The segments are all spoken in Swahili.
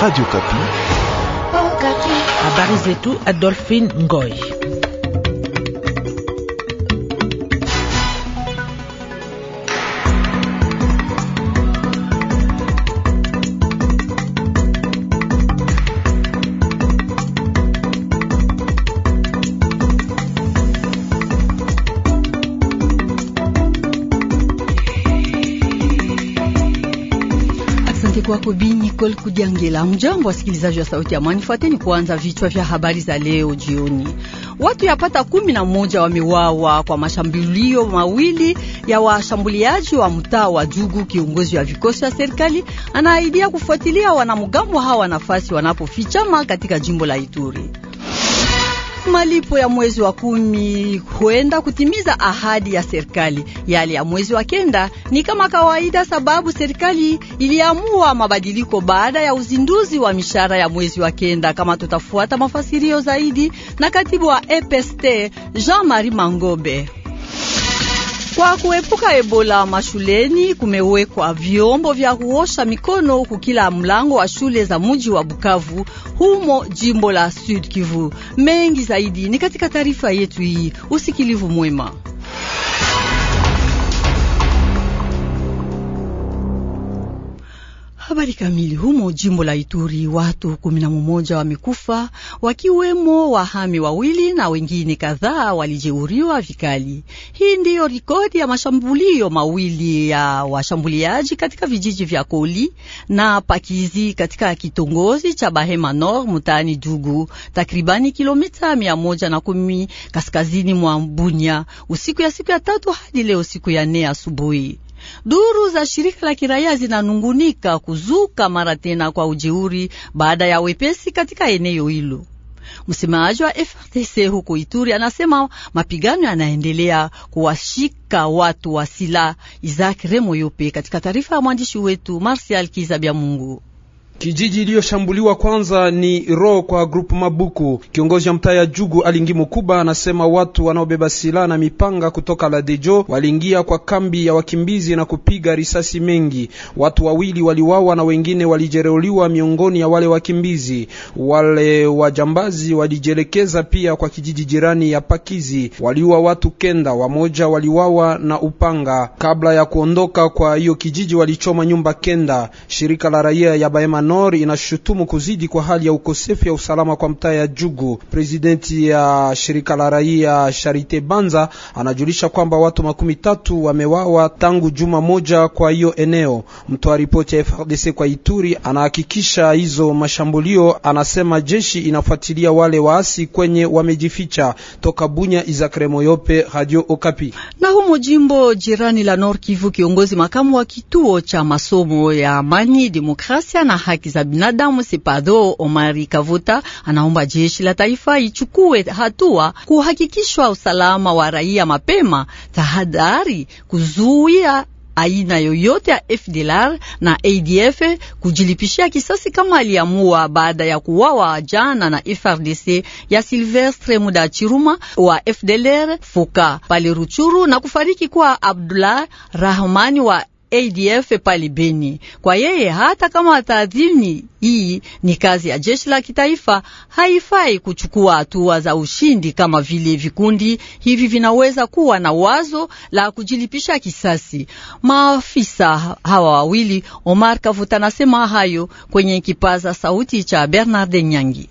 Radio Kapi. Habari zetu Adolphine Ngoy. kwako Bi Nicole Kudiangela. Mjambo wasikilizaji wa Sauti ya Amani, fuateni kuanza vichwa vya habari za leo jioni. Watu yapata kumi na moja wamewawa kwa mashambulio mawili ya washambuliaji wa mtaa wa Jugu. Kiongozi wa vikosi vya serikali anaahidia kufuatilia wanamgambo hawa nafasi wanapofichama katika jimbo la Ituri malipo ya mwezi wa kumi huenda kutimiza ahadi ya serikali. Yale ya mwezi wa kenda ni kama kawaida, sababu serikali iliamua mabadiliko baada ya uzinduzi wa mishahara ya mwezi wa kenda, kama tutafuata mafasirio zaidi na katibu wa EPST Jean-Marie Mangobe. Kwa kuepuka Ebola mashuleni, kumewekwa vyombo vya kuosha mikono kukila mlango wa shule za mji wa Bukavu humo jimbo la Sud Kivu. Mengi zaidi ni katika taarifa yetu hii. Usikilivu mwema. Habari kamili. Humo jimbo la Ituri, watu kumi na mmoja wamekufa wakiwemo wahami wawili na wengine kadhaa walijeuriwa vikali. Hii ndiyo rikodi ya mashambulio mawili ya washambuliaji katika vijiji vya Koli na Pakizi katika kitongozi cha Bahema Nord mutaani dugu takribani kilomita mia moja na kumi kaskazini mwa Bunya, usiku ya siku ya tatu hadi leo siku ya nne asubuhi. Duru za shirika la kiraia zinanungunika kuzuka mara tena kwa ujeuri baada ya wepesi katika eneo hilo. Msemaji wa FRDC huko Ituri anasema mapigano yanaendelea kuwashika watu wa silaha. Isaac Remoyope katika taarifa ya mwandishi wetu Marsial Kizabya Mungu. Kijiji iliyoshambuliwa kwanza ni Ro kwa grupu Mabuku. Kiongozi wa mtaa ya Jugu Alingi Kuba anasema watu wanaobeba silaha na mipanga kutoka Ladejo waliingia kwa kambi ya wakimbizi na kupiga risasi mengi. Watu wawili waliwawa na wengine walijeruhiwa miongoni ya wale wakimbizi. Wale wajambazi walijielekeza pia kwa kijiji jirani ya Pakizi, waliua watu kenda, wamoja waliwawa na upanga. Kabla ya kuondoka kwa hiyo kijiji, walichoma nyumba kenda. Shirika la raia ya Baema Nord inashutumu kuzidi kwa hali ya ukosefu ya usalama kwa mtaa ya Jugu. Presidenti ya shirika la raia Charite Banza anajulisha kwamba watu makumi tatu wamewawa tangu juma moja kwa hiyo eneo. Mtoa ripoti ya FRDC kwa Ituri anahakikisha hizo mashambulio, anasema jeshi inafuatilia wale waasi kwenye wamejificha. Toka Bunya, Izakre Moyope, Radio Okapi. Na humo jimbo jirani la Nord Kivu, kiongozi makamu wa kituo cha masomo ya amani, demokrasia na haki haki za binadamu Sepado Omari kavuta anaomba jeshi la taifa ichukue hatua kuhakikishwa usalama wa raia mapema, tahadhari kuzuia aina yoyote ya FDLR na ADF kujilipishia kisasi kama aliamua baada ya kuwawa jana na FRDC ya Silvestre Muda Chiruma wa FDLR fuka pale Ruchuru na kufariki kwa Abdullah Rahmani wa ADF pale Beni. Kwa yeye, hata kama atadhini hii ni kazi ya jeshi la kitaifa, haifai kuchukua hatua za ushindi, kama vile vikundi hivi vinaweza kuwa na wazo la kujilipisha kisasi. Maafisa hawa wawili, Omar Kavuta, anasema hayo kwenye kipaza sauti cha Bernard Nyangi.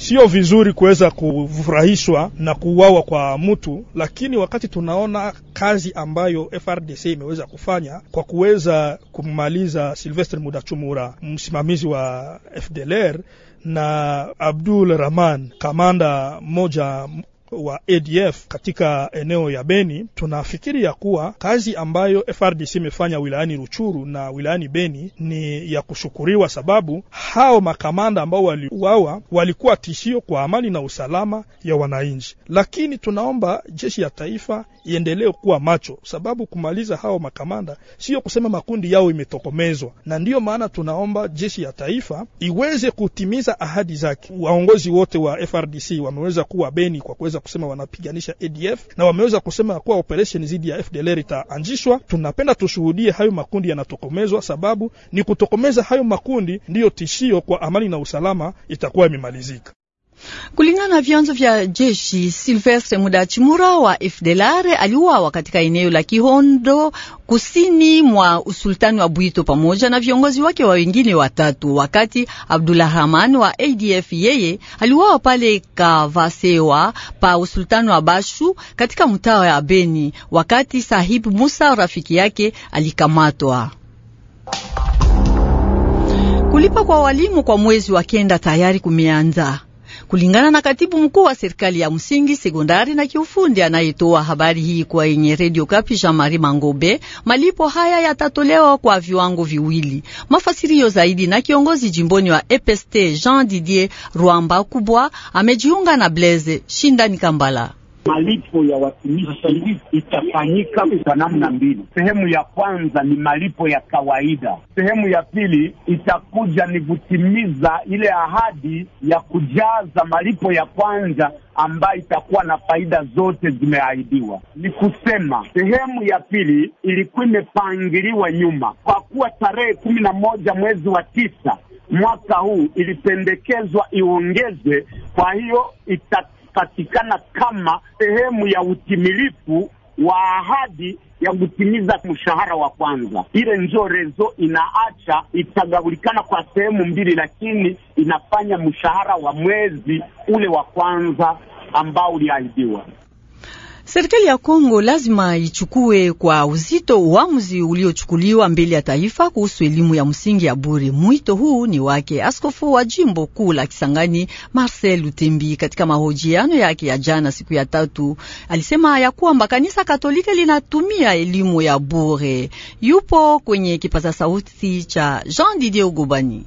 Sio vizuri kuweza kufurahishwa na kuuawa kwa mtu, lakini wakati tunaona kazi ambayo FRDC imeweza kufanya kwa kuweza kumaliza Silvestre Mudachumura, msimamizi wa FDLR na Abdul Rahman, kamanda mmoja wa ADF katika eneo ya Beni, tunafikiri ya kuwa kazi ambayo FRDC imefanya wilayani Ruchuru na wilayani Beni ni ya kushukuriwa, sababu hao makamanda ambao waliuawa walikuwa tishio kwa amani na usalama ya wananchi. Lakini tunaomba jeshi ya taifa iendelee kuwa macho, sababu kumaliza hao makamanda sio kusema makundi yao imetokomezwa, na ndiyo maana tunaomba jeshi ya taifa iweze kutimiza ahadi zake. Waongozi wote wa FRDC wameweza kuwa Beni kwa kuweza wameweza kusema wanapiganisha ADF na wameweza kusema kuwa operation dhidi ya FDLR itaanzishwa. Tunapenda tushuhudie hayo makundi yanatokomezwa, sababu ni kutokomeza hayo makundi ndiyo tishio kwa amani na usalama itakuwa imemalizika. Kulingana na vyanzo vya jeshi, Silvestre Mudachimura wa FDLR aliuawa katika eneo la Kihondo kusini mwa usultani wa Bwito pamoja na viongozi wake wa wengine watatu, wakati Abdulrahman wa ADF yeye aliuawa pale Kavasewa pa usultani wa Bashu katika mtaa ya Beni, wakati Sahib Musa rafiki yake alikamatwa. Kulipa kwa walimu kwa mwezi wa kenda tayari kumeanza kulingana na katibu mkuu wa serikali ya msingi, sekondari na kiufundi anayetoa habari hii kwa yenye redio Kapi, Jean-Marie Mangobe. Malipo haya yatatolewa kwa viwango viwili. Mafasirio zaidi na kiongozi jimboni wa EPST Jean Didier Rwamba Kubwa amejiunga na Blaise Shindani Kambala malipo ya watumishi itafanyika kwa namna mbili. Sehemu ya kwanza ni malipo ya kawaida, sehemu ya pili itakuja ni kutimiza ile ahadi ya kujaza malipo ya kwanza ambayo itakuwa na faida zote zimeahidiwa. Ni kusema sehemu ya pili ilikuwa imepangiliwa nyuma, kwa kuwa tarehe kumi na moja mwezi wa tisa mwaka huu ilipendekezwa iongezwe, kwa hiyo ita kupatikana kama sehemu ya utimilifu wa ahadi ya kutimiza mshahara wa kwanza. Ile njo rezo inaacha itagawulikana kwa sehemu mbili, lakini inafanya mshahara wa mwezi ule wa kwanza ambao uliahidiwa. Serikali ya Kongo lazima ichukue kwa uzito uamuzi uliochukuliwa mbele ya taifa kuhusu elimu ya msingi ya bure. Mwito huu ni wake askofu wa jimbo kuu la Kisangani, Marcel Lutembi. Katika mahojiano yake ya jana siku ya tatu, alisema ya kwamba kanisa Katolika linatumia elimu ya bure. Yupo kwenye kipaza sauti cha Jean Didier Ugubani.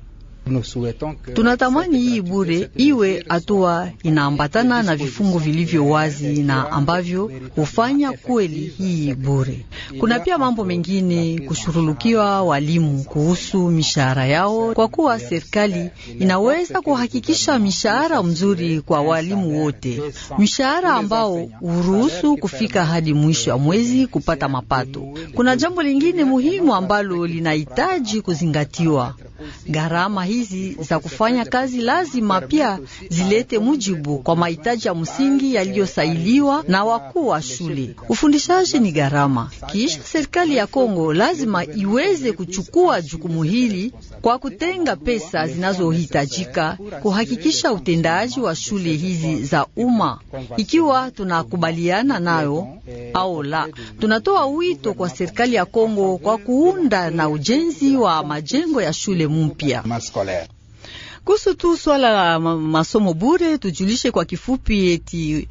Tunatamani hii bure iwe hatua inaambatana na vifungu vilivyo wazi na ambavyo hufanya kweli hii bure. Kuna pia mambo mengine kushurulukiwa walimu kuhusu mishahara yao, kwa kuwa serikali inaweza kuhakikisha mishahara mzuri kwa walimu wote, mshahara ambao huruhusu kufika hadi mwisho wa mwezi kupata mapato. Kuna jambo lingine muhimu ambalo linahitaji kuzingatiwa Gharama hizi za kufanya kazi lazima pia zilete mujibu kwa mahitaji ya msingi yaliyosailiwa na wakuu wa shule. Ufundishaji ni gharama, kisha serikali ya Kongo lazima iweze kuchukua jukumu hili kwa kutenga pesa zinazohitajika kuhakikisha utendaji wa shule hizi za umma, ikiwa tunakubaliana nayo au la. Tunatoa wito kwa serikali ya Kongo kwa kuunda na ujenzi wa majengo ya shule mpya kuhusu tu swala la masomo bure. Tujulishe kwa kifupi eti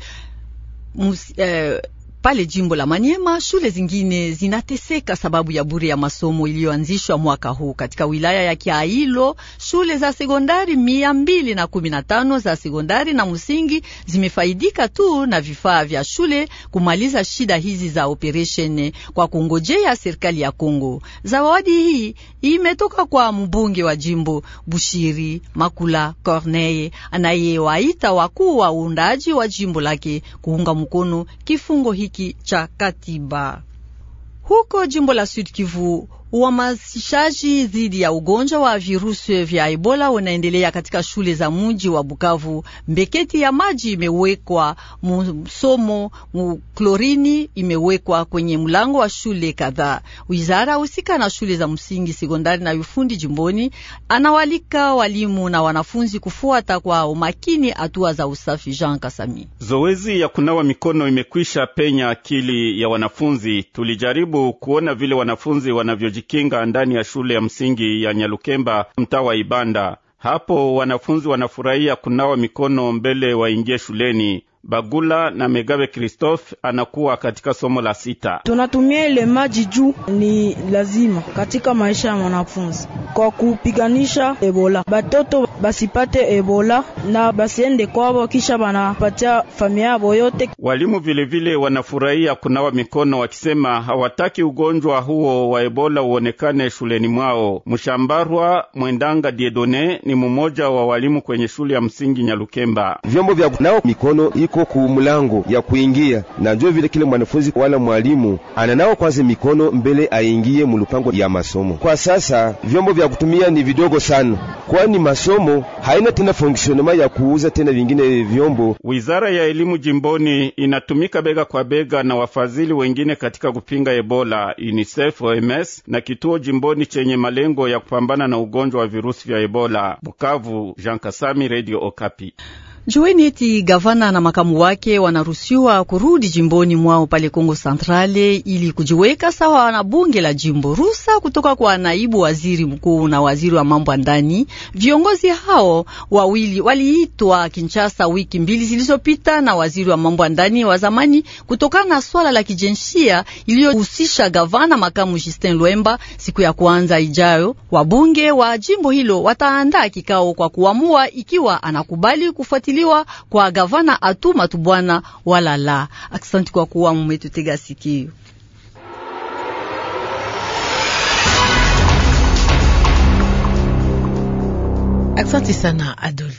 mus, eh, pale jimbo la Manyema, shule zingine zinateseka sababu ya bure ya masomo iliyoanzishwa mwaka huu katika wilaya ya Kiailo. Shule za sekondari mia mbili na kumi na tano za sekondari na msingi zimefaidika tu na vifaa vya shule kumaliza shida hizi za operesheni kwa kungojea serikali ya Kongo. Zawadi hii imetoka kwa mbunge wa jimbo Bushiri Makula Corneye anayewaita wakuu wa uundaji wa jimbo lake kuunga mkono kifungo hiki hiki cha katiba huko jimbo la Sud Kivu. Uhamasishaji dhidi ya ugonjwa wa virusi vya Ebola unaendelea katika shule za mji wa Bukavu. Mbeketi ya maji imewekwa msomo muklorini imewekwa kwenye mlango wa shule kadhaa. Wizara husika na shule za msingi, sekondari na ufundi jimboni anawalika walimu na wanafunzi kufuata kwa umakini hatua za usafi. Jean Kasami, zoezi ya kunawa mikono imekwisha penya akili ya wanafunzi. Tulijaribu kuona vile wanafunzi wanavyo kujikinga ndani ya shule ya msingi ya Nyalukemba, mtaa wa Ibanda. Hapo wanafunzi wanafurahia kunawa mikono mbele waingie shuleni. Bagula na Megabe Christophe anakuwa katika somo la sita. Tunatumia ile maji juu ni lazima katika maisha ya mwanafunzi kwa kupiganisha Ebola, batoto basipate Ebola na basiende kwabo, kisha banapatia familia yabo yote. Walimu vilevile wanafurahia kunawa mikono, wakisema hawataki ugonjwa huo wa Ebola uonekane shuleni mwao. Mshambarwa Mwendanga Diedone ni mmoja wa walimu kwenye shule ya msingi Nyalukemba. Vyombo vya kunawa mikono iko ku ya kuingia, na ndio vile kile mwanafunzi wala mwalimu ananawa kwanza mikono mbele aingie mulupango ya masomo. Kwa sasa vyombo vya kutumia ni vidogo sana, kwani masomo haina tena fonksionema ya kuuza tena vingine vyombo. Wizara ya elimu jimboni inatumika bega kwa bega na wafadhili wengine katika kupinga Ebola, UNICEF, OMS na kituo jimboni chenye malengo ya kupambana na ugonjwa wa virusi vya Ebola. Bukavu, Jean Kasami, Radio Okapi. Jueni eti gavana na makamu wake wanaruhusiwa kurudi jimboni mwao pale Kongo Centrale ili kujiweka sawa na bunge la jimbo. Rusa kutoka kwa naibu waziri mkuu na waziri wa mambo ya ndani. Viongozi hao wawili waliitwa Kinshasa wiki mbili zilizopita na waziri wa mambo ya ndani wa zamani kutokana na swala la kijenshia iliyohusisha gavana makamu Justin Lwemba. Siku ya kwanza ijayo, wabunge wa jimbo hilo wataandaa kikao kwa kuamua ikiwa anakubali kufuatilia kutafsiliwa kwa gavana Atuma Tubwana wala la. Aksanti kwa kuwa mumetutega sikio. Asante sana Adolf.